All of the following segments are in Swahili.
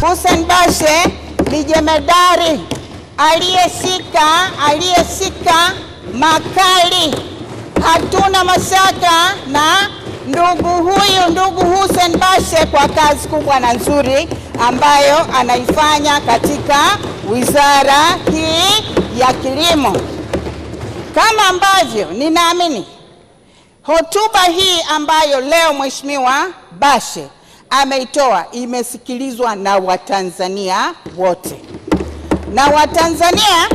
Hussein Bashe ni jemedari aliyesika aliyesika makali, hatuna mashaka na ndugu huyu, ndugu Hussein Bashe kwa kazi kubwa na nzuri ambayo anaifanya katika wizara hii ya kilimo, kama ambavyo ninaamini hotuba hii ambayo leo Mheshimiwa Bashe ameitoa, imesikilizwa na Watanzania wote, na Watanzania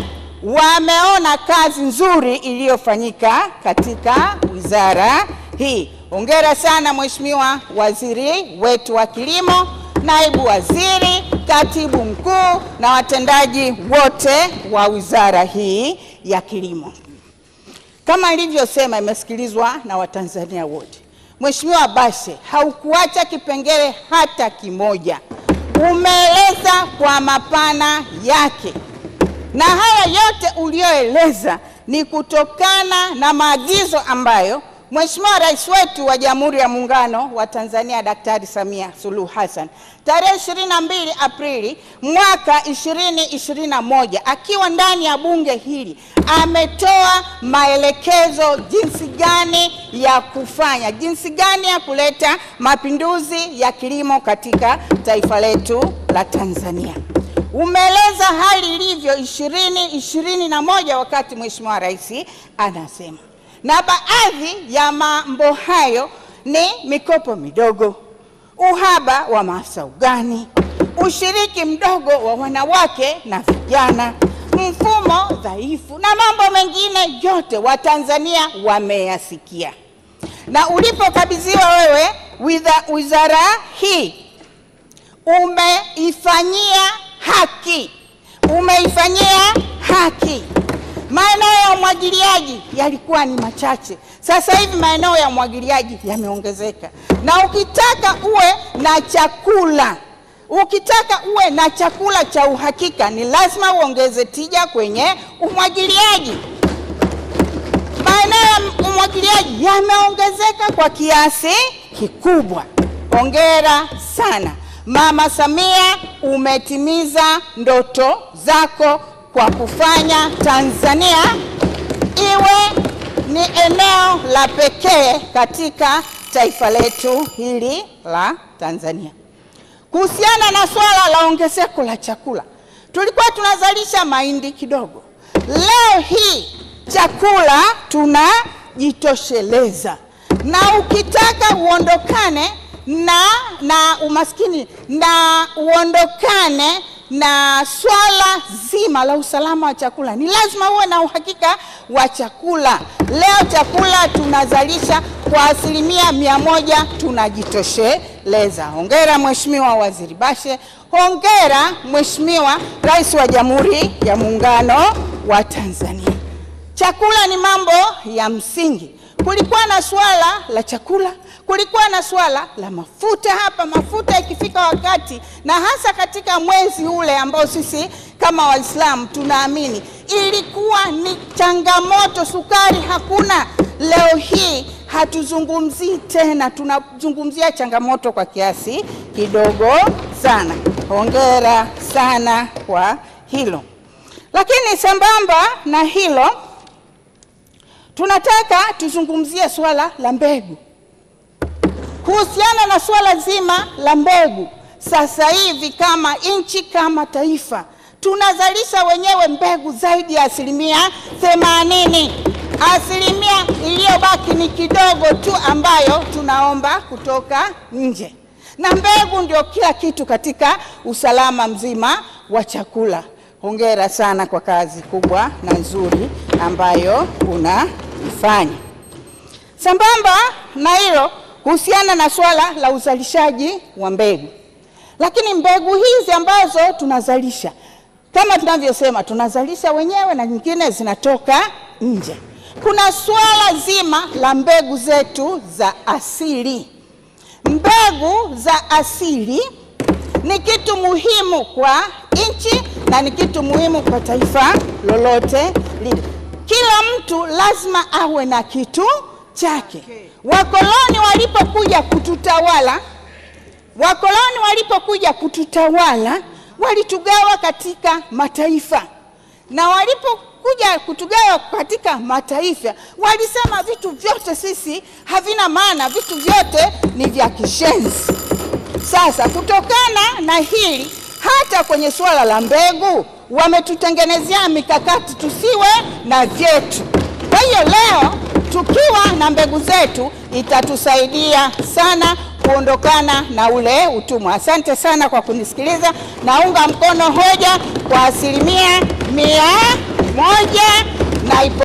wameona kazi nzuri iliyofanyika katika wizara hii. Hongera sana Mheshimiwa Waziri wetu wa Kilimo, Naibu Waziri, Katibu Mkuu na watendaji wote wa wizara hii ya Kilimo. Kama nilivyosema, imesikilizwa na Watanzania wote. Mheshimiwa Bashe, haukuacha kipengele hata kimoja, umeeleza kwa mapana yake, na haya yote uliyoeleza ni kutokana na maagizo ambayo Mheshimiwa Rais wetu wa Jamhuri ya Muungano wa Tanzania Daktari Samia Suluhu Hassan tarehe 22 Aprili mwaka 2021 akiwa ndani ya bunge hili ametoa maelekezo jinsi gani ya kufanya, jinsi gani ya kuleta mapinduzi ya kilimo katika taifa letu la Tanzania. Umeeleza hali ilivyo 2021 wakati Mheshimiwa Rais anasema na baadhi ya mambo hayo ni mikopo midogo, uhaba wa maafisa ugani, ushiriki mdogo wa wanawake na vijana, mfumo dhaifu na mambo mengine yote Watanzania wameyasikia. Na ulipokabidhiwa wewe wizara hii, umeifanyia haki, umeifanyia umwagiliaji yalikuwa ni machache. Sasa hivi maeneo ya umwagiliaji yameongezeka, na ukitaka uwe na chakula ukitaka uwe na chakula cha uhakika ni lazima uongeze tija kwenye umwagiliaji. Maeneo ya umwagiliaji yameongezeka kwa kiasi kikubwa. Hongera sana Mama Samia, umetimiza ndoto zako kwa kufanya Tanzania iwe ni eneo la pekee katika taifa letu hili la Tanzania. Kuhusiana na swala la ongezeko la chakula, tulikuwa tunazalisha mahindi kidogo, leo hii chakula tunajitosheleza, na ukitaka uondokane na, na umaskini na uondokane na swala zima la usalama wa chakula. Ni lazima uwe na uhakika wa chakula. Leo chakula tunazalisha kwa asilimia mia moja, tunajitosheleza. Hongera Mheshimiwa Waziri Bashe, hongera Mheshimiwa Rais wa Jamhuri ya Muungano wa Tanzania. Chakula ni mambo ya msingi. Kulikuwa na swala la chakula, kulikuwa na swala la mafuta. Hapa mafuta ikifika wakati, na hasa katika mwezi ule ambao sisi kama Waislamu tunaamini, ilikuwa ni changamoto. Sukari hakuna. Leo hii hatuzungumzii tena, tunazungumzia changamoto kwa kiasi kidogo sana. Hongera sana kwa hilo, lakini sambamba na hilo Tunataka tuzungumzie swala la mbegu. Kuhusiana na swala zima la mbegu, sasa hivi kama nchi, kama taifa tunazalisha wenyewe mbegu zaidi ya asilimia themanini. Asilimia iliyobaki ni kidogo tu ambayo tunaomba kutoka nje, na mbegu ndio kila kitu katika usalama mzima wa chakula. Hongera sana kwa kazi kubwa na nzuri ambayo una kufanya. Sambamba na hilo, kuhusiana na swala la uzalishaji wa mbegu, lakini mbegu hizi ambazo tunazalisha kama tunavyosema, tunazalisha wenyewe na nyingine zinatoka nje. Kuna swala zima la mbegu zetu za asili. Mbegu za asili ni kitu muhimu kwa nchi na ni kitu muhimu kwa taifa lolote lile. Kila mtu lazima awe na kitu chake. Wakoloni walipokuja kututawala, wakoloni walipokuja kututawala walitugawa katika mataifa, na walipokuja kutugawa katika mataifa walisema vitu vyote sisi havina maana, vitu vyote ni vya kishenzi. Sasa kutokana na hili, hata kwenye suala la mbegu wametutengenezea mikakati tusiwe na vyetu. Kwa hiyo leo tukiwa na mbegu zetu itatusaidia sana kuondokana na ule utumwa. Asante sana kwa kunisikiliza. Naunga mkono hoja kwa asilimia mia moja na ipo